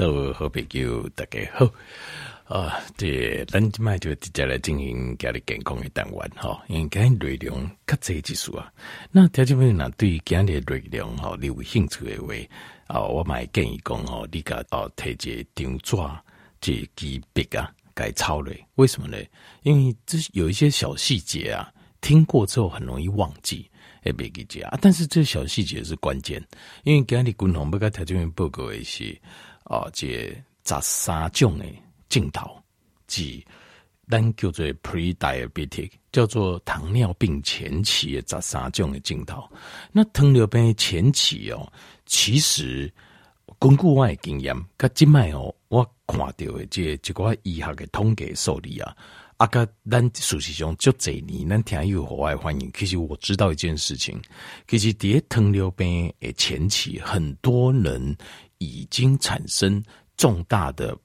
好，好朋友，大家好啊！這咱今就直接來進行今日健康的單元哈，因為今日內容較濟一數啊。那條件對於今日內容哈，你有興趣的話啊、哦，我買建議講哦，你個哦，提一張紙去記筆記啊，該抄嘞。為什麼呢？因為這有一些小細節啊，聽過之後很容易忘記，哎別記、啊、但是這小細節是關鍵，因為今日觀眾不跟條件面報告的是。哦，即個十三種的症頭，即咱叫做 pre-diabetic，叫做糖尿病前期的十三種的症頭。那糖尿病前期哦，其實根據我的經驗，甲即賣哦，我看着的即一寡醫學嘅統計數字啊，啊，甲咱事實上足儕年，咱聽有海外反應。其實我知道一件事情，其實佇咧糖尿病嘅前期，很多人。已經產生重大的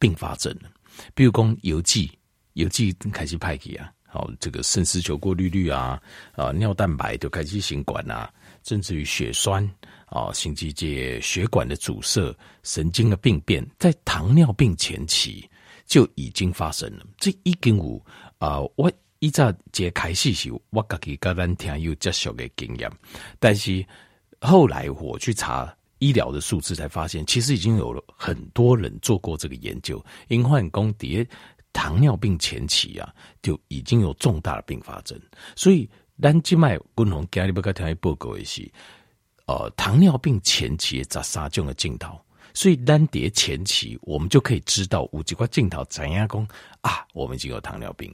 併發症了，比如說，游記游記開始派給啊，好、哦、這個腎絲球過濾率啊，啊尿蛋白都開始心管啊，甚至於血栓啊、哦，心肌界血管的阻塞，神經的病變，在糖尿病前期就已經發生了。這已經有啊，我一在揭開始細，我個個個人聽有極少嘅經驗，但是後來我去查，醫療的數字才發現，其實已經有了很多人做過這個研究，因患公蝶糖尿病前期啊，就已經有重大的併發症。所以單靜脈共同加里不可跳一報告也是，呃，糖尿病前期十三種的症狀。所以單蝶前期，我們就可以知道五吉塊症狀斬壓公啊，我們已經有糖尿病。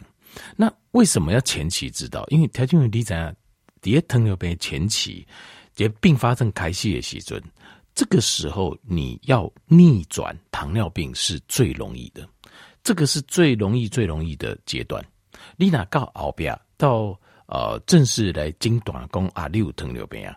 那為什麼要前期知道？因為條件有你在蝶糖尿病前期，併發症，開始的時候。這個時候，你要逆轉糖尿病是最容易的，這個是最容易，最容易的階段。你如果到後邊到呃，正式來精短講，你有糖尿病啊，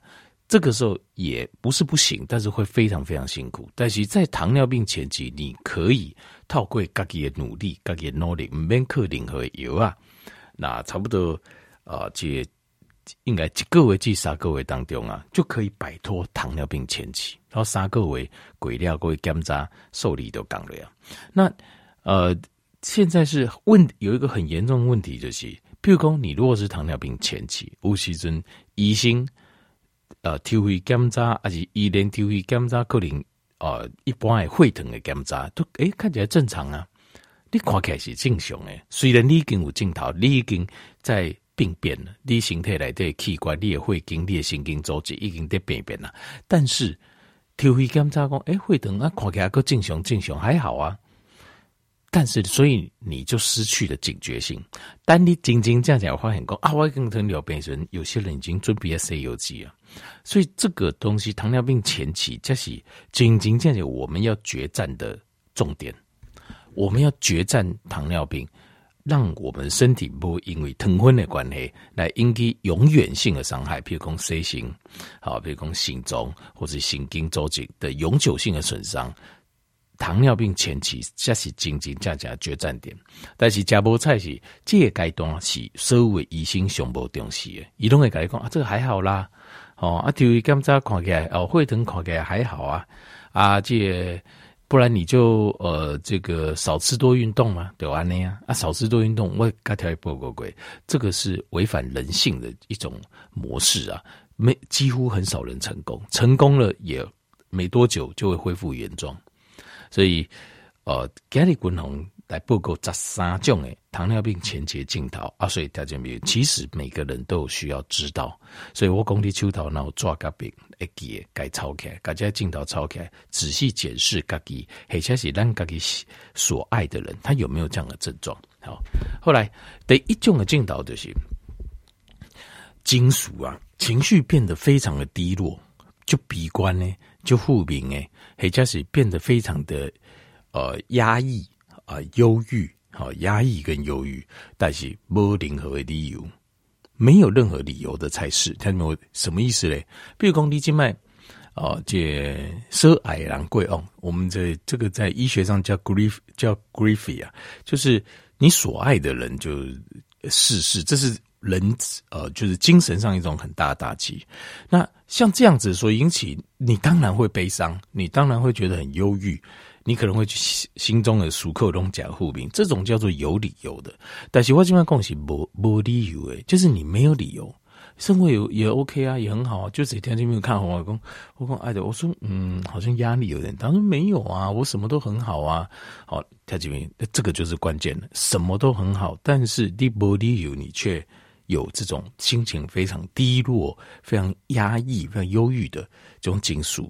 這個時候也不是不行，但是會非常非常辛苦。但是在糖尿病前期，你可以透過各自己的努力，各自己的努力，不用靠任何藥啊，那差不多呃，這。應該一個月至三個月當中啊，就可以擺脫糖尿病前期。然後三個月過後，各個檢查，受理都降了呀。那呃，現在是問有一個很嚴重的問題，就是，譬如說，你如果是糖尿病前期，有時陣醫生，呃，抽血檢查，還是一年抽血檢查，可能呃一般的血糖的檢查，都哎、欸、看起來正常啊。你看起來是正常的，雖然你已經有症狀，你已經在。病變了，你身體內的器官，你也會經歷神經組織已經在病變了。但是，抽血檢查講，誒、欸，血糖啊，看起來夠正,正常，正常還好啊。但是，所以你就失去了警覺性。當你真真正正發現，講啊，我已經陳了病人，有些人已經準備要西藥劑啊。所以，這個東西，糖尿病前期就是真真正正我們要決戰的重點，我們要決戰糖尿病。讓我們身體不會因為糖分的關係來引起永遠性的傷害，譬如講心型，好，比如講心臟或者神經組織的永久性的損傷。糖尿病前期才是真真正正的決戰點，但是,是這波菜是這個階段是所有的醫生上無重視的，醫生會跟你講啊，這個還好啦，哦，阿弟檢查看起來，哦，血糖看起來還好啊，阿、啊、這個。不然你就呃這個少吃多運動嘛、啊，對吧？那樣啊，啊少吃多運動，我噶條也不過鬼，這個是違反人性的一種模式啊，沒幾乎很少人成功，成功了也沒多久就會恢復原狀，所以呃，壓力過重。來報告十三種誒，糖尿病前期鏡頭啊，所以條件沒有。其實每個人都有需要知道，所以我講你，手頭若有紙甲筆，會記得該抄起來，大家鏡頭抄起來，仔細檢視家己，或者是咱家己所愛的人，他有沒有這樣的症狀？好，後來第一種的鏡頭就是金屬啊，情緒變得非常的低落，就悲觀呢，就負面誒，或者是變得非常的呃壓抑。啊，憂鬱，好、哦、壓抑，跟憂鬱，但是沒任何理由，沒有任何理由的才是。聽懂什麼意思嘞？比如講，低靜脈，借這失愛人貴哦。我們這這個在醫學上叫 grief，叫 griefy 啊，就是你所愛的人就逝、是、世，這是人呃，就是精神上一種很大的打擊。那像這樣子所引起，你當然會悲傷，你當然會覺得很憂鬱。你可能會去心心中的熟客中假護病，這種叫做有理由的。但是我經常講是不理由誒，就是你沒有理由，生活也也 OK 啊，也很好啊。就是。天看老公，我講愛我說、哎、我說嗯，好像壓力有點大。他說沒有啊，我什麼都很好啊。好，他這邊。那這個就是關鍵了，什麼都很好，但是你不理由你卻有這種心情非常低落、非常壓抑、非常憂鬱的這種情緒。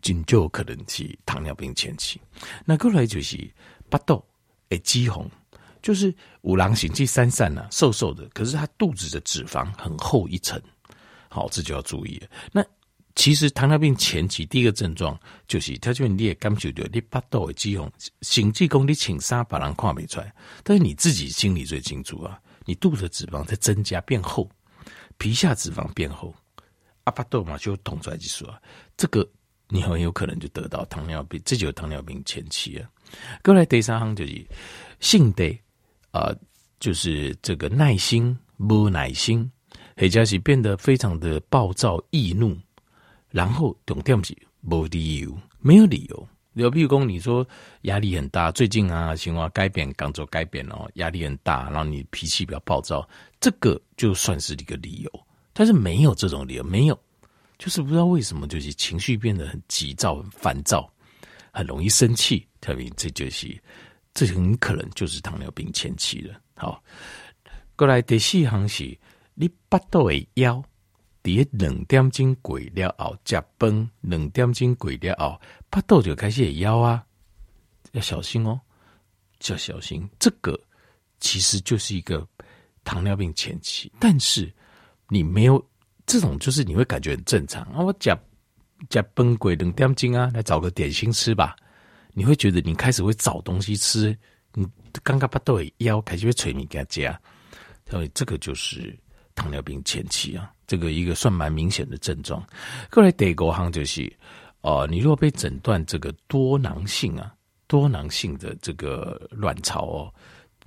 僅就可能是糖尿病前期，那過來就是八道誒，肌紅就是五郎行氣三散呢、啊，瘦瘦的，可是他肚子的脂肪很厚一層，好，這就要注意。那其實糖尿病前期第一個症狀就是，他就是你也感覺着你八道誒，肌紅行氣功你請殺把郎跨沒出來，但是你自己心裡最清楚啊，你肚子的脂肪在增加變厚，皮下脂肪變厚，啊八道嘛就捅出來就說啊，這個。你很有可能就得到糖尿病，這就是糖尿病前期啊。各位，再來第三項就是，性的啊，就是這個耐心不耐心，或者是變得非常的暴躁易怒，然後懂重點是沒理由，沒有理由。比如說你說壓力很大，最近啊情況改變，剛做改變哦、喔，壓力很大，然後你脾氣比較暴躁，這個就算是一個理由，但是沒有這種理由，沒有。就是不知道為什麼，就是情緒變得很急躁，很煩躁，很容易生氣。特別這就是，這很可能就是糖尿病前期了。好，過來第四項是：你八度的腰，第一兩點鐘過了後，腳崩；兩點鐘過了後，八度就開始會腰啊，要小心哦，就要小心。這個其實就是一個糖尿病前期，但是你沒有。這種就是你會感覺很正常啊！我講講崩鬼冷掉筋啊，來找個點心吃吧。你會覺得你開始會找東西吃，你剛剛不對腰開始會垂眉加加，所以這個就是糖尿病前期啊，這個一個算蠻明顯的症狀。各來第二哈就是哦、呃，你如果被診斷這個多囊性啊，多囊性的這個卵巢哦。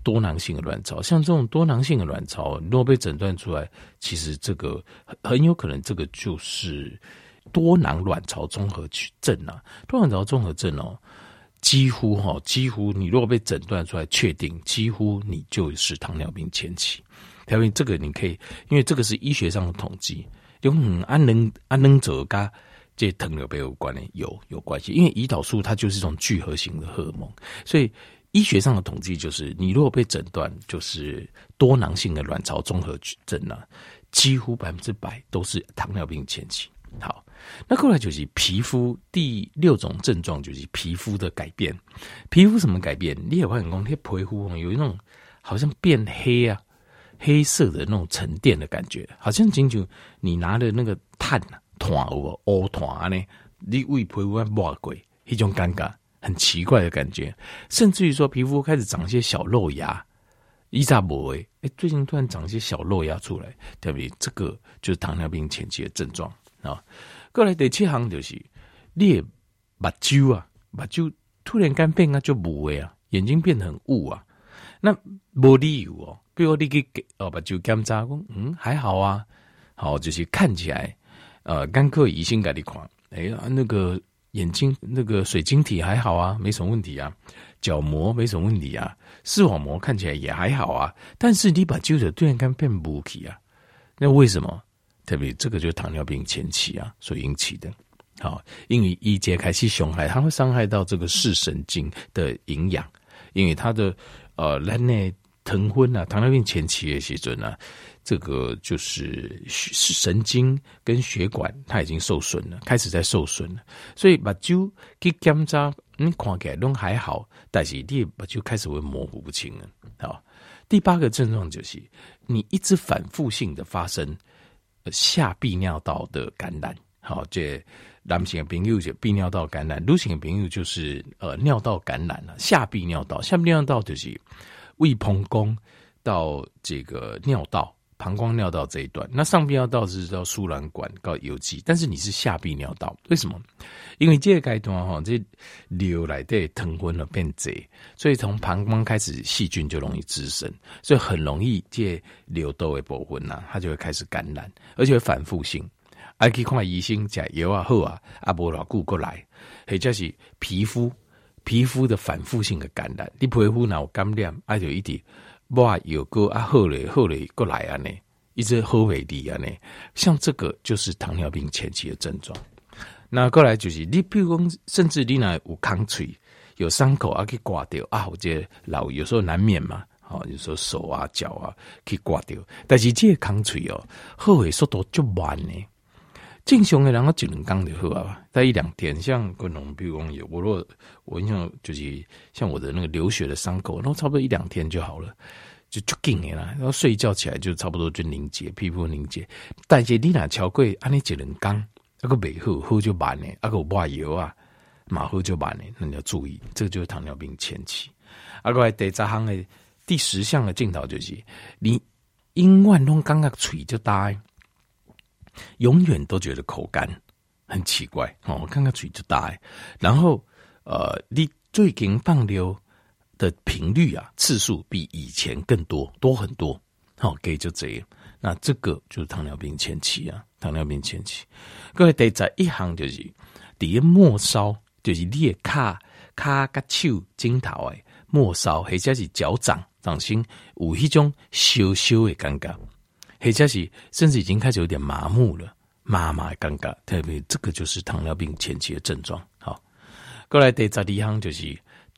多囊性的卵巢，像這種多囊性的卵巢，你如果被診斷出來，其實這個很有可能，這個就是多囊卵巢綜合症啊。多囊卵巢綜合症哦，幾乎哈，幾乎你如果被診斷出來確定，幾乎你就是糖尿病前期。因為這個你可以，因為這個是醫學上的統計，用安能安能者噶這糖尿病有關的有有關係，因為胰島素它就是一種聚合型的荷爾蒙，所以。醫學上的統計就是，你如果被診斷就是多囊性的卵巢綜合症，幾乎百分之百都是糖尿病前期。好，那過來就是皮膚第六種症狀就是皮膚的改變。皮膚什麼改變？你有發現講，那些皮膚有一種好像變黑啊，黑色的那種沉澱的感覺，好像僅僅你拿的那個炭團哦，炭團呢，你為皮膚抹過，一種尷尬。很奇怪的感覺，甚至於說皮膚開始長一些小肉芽，一乍不哎哎，最近突然長一些小肉芽出來，特別這個就是糖尿病前期的症狀啊。過、哦、來第七項就是你的目睭啊，目睭突然乾變啊就不哎啊，眼睛變得很霧啊。那沒理由哦，譬如你去哦，目睭檢查講嗯還好啊，好、哦、就是看起來呃乾渴、醫生、給你看哎那個。眼睛那個水晶體還好啊，沒什麼問題啊，角膜沒什麼問題啊，視網膜看起來也還好啊，但是你把舊者突然間變 b u 啊，那為什麼？特別這個就是糖尿病前期啊，所以引起的，好，因為一揭開始熊孩它會傷害到這個視神經的營養，因為它的呃，人呢，疼昏啊，糖尿病前期的時候啊。這個就是神經跟血管，它已經受損了，開始在受損了。所以把酒去檢查，你看起來都還好，但是你把酒開始會模糊不清了哦。第八個症狀就是你一直反復性的發生、呃、下泌尿道的感染。好、哦，這男性朋友就泌尿道感染，女性朋友就是呃尿道感染了。下泌尿道，下泌尿道就是胃膀胱到這個尿道。膀胱尿道這一段，那上泌尿道是叫輸卵管搞有積，但是你是下泌尿道，為什麼？因為這個階段哈，這流、個、來的糖分了變多，所以從膀胱開始，細菌就容易滋生，所以很容易借流痘的部分吶、啊，它就會開始感染，而且會反覆性，看啊啊，過、啊啊、來，是皮膚皮膚的反覆性的感染，你皮膚哇，藥膏啊，好咧好咧過來啊呢，一直好未治啊呢。像這個就是糖尿病前期的症狀。那過來就是你，比如講，甚至你那有空喙，有傷口啊，去刮掉啊，好這老有時候難免嘛。好、喔，有時候手啊腳啊去刮掉，但是這空喙哦，好的速度就慢呢。正常誒，人攏一兩天著好啊，在一兩天，像各種比如講有，我若我像就是像我的那個流血的傷口，然後差不多一兩天就好了，就出勁誒啦。然後睡覺起來就差不多就凝結，皮膚凝結。但是你吶，超過安尼一兩天，抑擱未好，好就慢誒，抑擱有抹藥啊，嘛好就慢誒，那你要注意，這個就是糖尿病前期。阿個第一項誒，第十項誒，鏡頭就是你永遠攏感覺喙足大誒。永遠都覺得口乾，很奇怪哦。我看看嘴就大然後呃，你最近放尿的頻率啊，次數比以前更多，多很多。好，可以就這樣。那這個就是糖尿病前期啊，糖尿病前期。各位得在一行就是第一，末梢就是你的卡卡個手指頭哎，末梢或者是腳掌掌心有一種羞羞的感覺。或者是甚至已經開始有點麻木了，麻麻的感覺，特別這個就是糖尿病前期的症狀。好，過來第十二項就是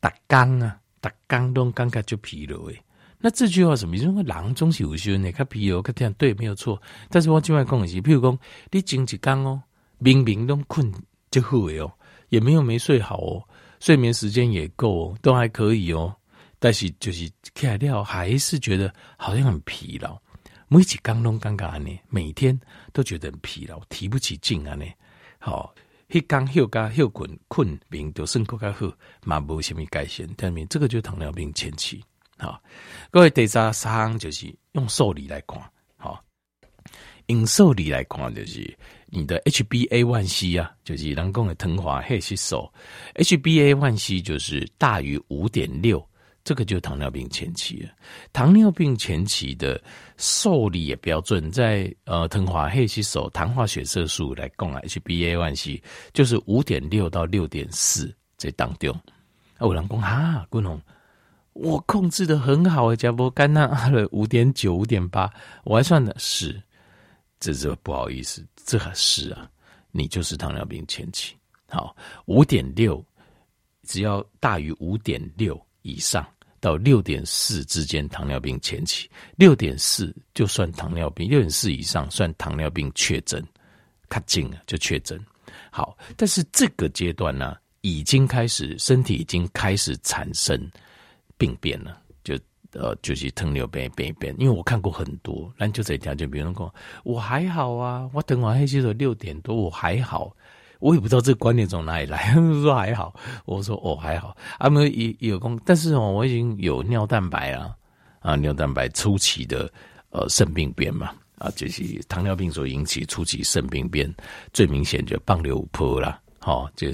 逐工啊，逐工都感覺就疲勞誒。那這句話什麼意思？因為人總是有時陣會較疲勞，看這對沒有錯？但是我另外講的是，譬如講你前一工哦、喔，明明都困就好哦、喔，也沒有沒睡好哦、喔，睡眠時間也夠哦、喔，都還可以哦、喔，但是就是起來了還是覺得好像很疲勞。每一天攏感覺安尼，每天都覺得疲勞，提不起勁安尼。吼迄工休咖休困困眠著算擱較好，嘛無蝦米改善，聽明？這個就是糖尿病前期。吼、哦、各位第三三，就是用數字來看，吼、哦、用數字來看就是你的 HBA 1C 啊，就是人講的糖化血色素 HBA 1C 就是大於五點六。這個就是糖尿病前期了。糖尿病前期的受力也標準，在呃，糖化黑棘手，糖化血色素來講啊，HBA one C 就是五點六到六點四這當中。啊有人說，我老公啊，郭農，我控制的很好啊，家波干糖二的五點九五點八，我還算了是，這是不好意思，這還是啊，你就是糖尿病前期。好，五點六，只要大於五點六。以上到六點四之間，糖尿病前期；六點四就算糖尿病，六點四以上算糖尿病確診。看近了就確診。好，但是這個階段呢、啊，已經開始身體已經開始產生病變了，就呃就是糖尿病一變一變。因為我看過很多，那就這條就比如說我還好啊，我糖化血色素六點多我還好。我也不知道這個觀念從哪裡來，他們說還好，我說哦還好，阿們有有工，但是我已經有尿蛋白了，啊尿蛋白初期的呃腎病變嘛，啊就是糖尿病所引起初期腎病變，最明顯就是膀瘤破了，啊，哦就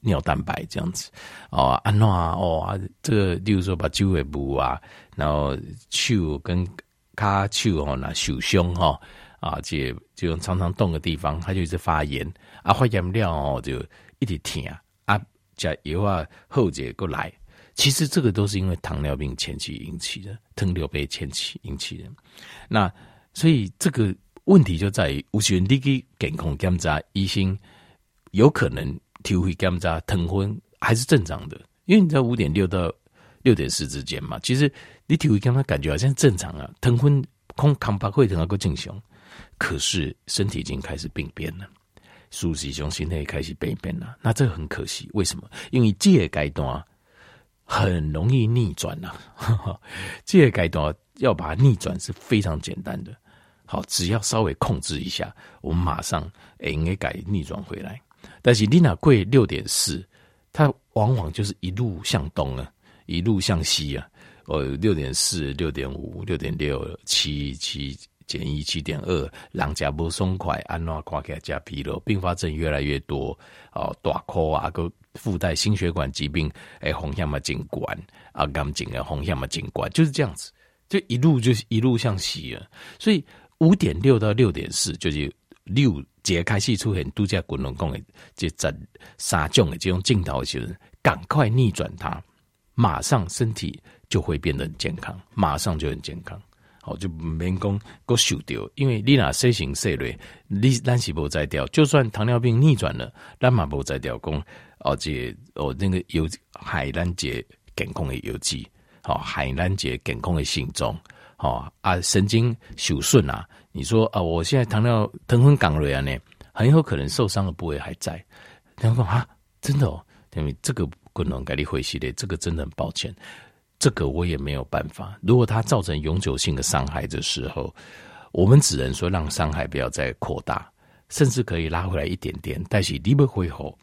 尿蛋白這樣子，哦阿諾啊哦這個例如說把周圍部啊，然後手跟骹手哦那手胸哈啊這就常常動的地方，它就一直發炎。啊，發炎了哦，就一直痛啊！啊，食藥啊，後節個來，其實這個都是因為糖尿病前期引起的，糖尿病前期引起的。那所以這個問題就在於，有時候你去健康檢查，醫生有可能體會檢查糖分還是正常的，因為你在五點六到六點四之間嘛。其實你體會檢查感覺好像正常啊，糖分空腹血糖，糖阿個正常，可是身體已經開始病變了。蘇中心現在開始北邊了，那這很可惜。為什麼？因為這個階段很容易逆轉吶、啊。這個階段要把它逆轉是非常簡單的。好，只要稍微控制一下，我們馬上應該改逆轉回來。但是你那過六點四，它往往就是一路向東啊，一路向西啊。呃，六點四、六點五、六點六、七七。減一七點二，人家不鬆快，安怎看起來家疲勞，併發症越來越多。哦，大箍啊，閣附帶心血管疾病風，誒，風險嘛，真懸啊，癌症的風險嘛，真懸，就是這樣子，就一路就是一路向西啊。所以五點六到六點四，就是六解開始出現度假滾輪工的，就十三種的，這種的，就種鏡頭就是趕快逆轉它，馬上身體就會變得很健康，馬上就很健康。好，就不講擱受掉，因為你那失形說累，你咱是無在掉，就算糖尿病逆轉了，咱嘛無在掉。講、哦、而、這個哦，那個有海南節健康的藥劑，好海南節健康的心狀，好、哦、啊，神經受損啊。你說啊，我現在糖尿糖分降落來啊，很有可能受傷的部位還在。然後說啊，真的哦，這個不能給你回息的，這個真的很抱歉。這個我也沒有辦法。如果它造成永久性的傷害的時候，我們只能說，讓傷害不要再擴大，甚至可以拉回來一點點。但是你不恢復，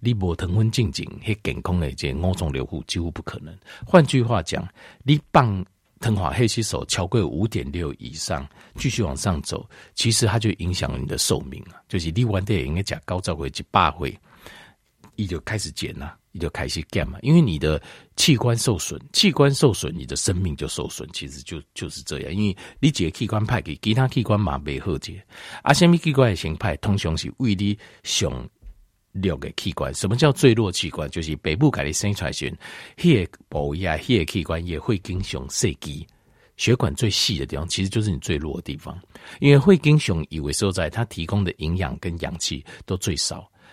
你不疼昏靜靜，黑健康的這五臟六腑幾乎不可能。換句話講，你把糖化血色素，超過五點六以上繼續往上走，其實它就影響你的壽命了。就是你玩的也應該講高照會一百會，你就開始減了。你就開始減嘛？因為你的器官受損，器官受損，你的生命就受損，其實就就是這樣。因為你這個器官派給其他器官嘛，袂好解。啊，蝦米器官的形派，通常是為你上弱個器官。什麼叫最弱器官？就是爸母家己生出來的時候、那個部位啊，呀，那個器官也會、那個、經常射擊血管最細的地方，其實就是你最弱的地方。因為會經常以為所在，它提供的營養跟氧氣都最少。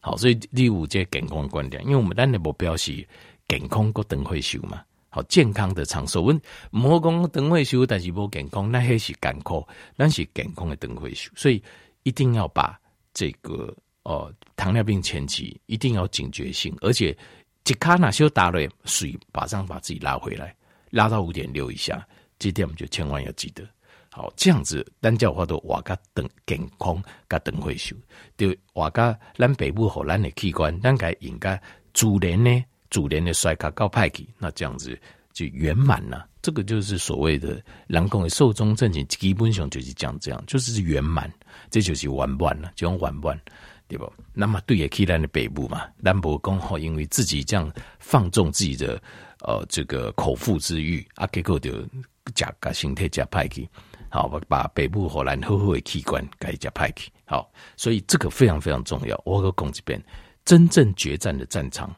好，所以第五個健康觀點，因為我們咱的目標是健康個長壽嘛。好，健康的長壽，我們唔好講長壽，但是無健康，那係是艱苦，那是健康的長壽。所以一定要把這個哦、呃，糖尿病前期一定要警覺性，而且一卡若修打了水馬上把自己拉回來，拉到五點六以下，這點我們就千萬要記得。好，這樣子，咱叫活到活個等健康，個等會修對活個咱爸母和咱的器官，咱該應該主人呢，主人的衰卡搞歹去，那這樣子就圓滿了。這個就是所謂的人講的壽終正寢，基本上就是講這樣，就是圓滿，這就是圓滿了，就圓滿，對不？那麼對得起咱的爸母嘛，咱無講吼因為自己這樣放縱自己的呃這個口腹之欲，啊結果就食甲身體食歹去。好，我把北部荷藍厚厚的器官給一下派去。好，所以這個非常非常重要。我要講一遍，真正決戰的戰場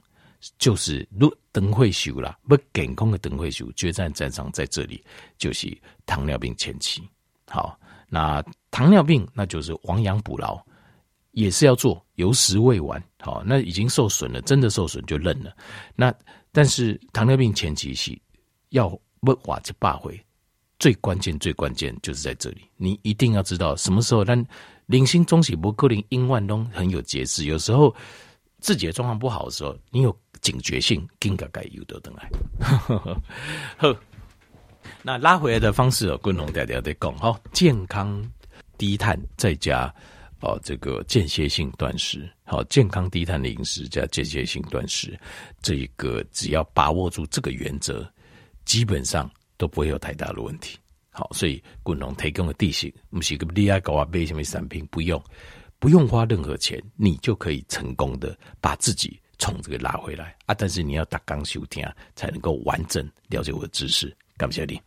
就是盧登會修了，不健康的燈會修。決戰戰場在這裡，就是糖尿病前期。好，那糖尿病那就是亡羊補牢，也是要做，為時未晚。好，那已經受損了，真的受損就認了。那但是糖尿病前期是要不瓦就罷回。最關鍵，最關鍵就是在這裡。你一定要知道什麼時候。但林星中心博、柯林、殷萬東很有節制。有時候自己的狀況不好的時候，你有警覺性，更應該改有的等來。呵，呵呵，那拉回來的方式，共同大家得講哈。健康低碳，再加啊，這個間歇性斷食。好，健康低碳的飲食加間歇性斷食，這一個只要把握住這個原則，基本上。都不會有太大的問題。好，所以滾龍提供的地形，不是你要告訴我買什麼產品不用，不用花任何錢，你就可以成功的把自己從這個拉回來啊。但是你要每天收聽，才能夠完整了解我的知識，感謝你。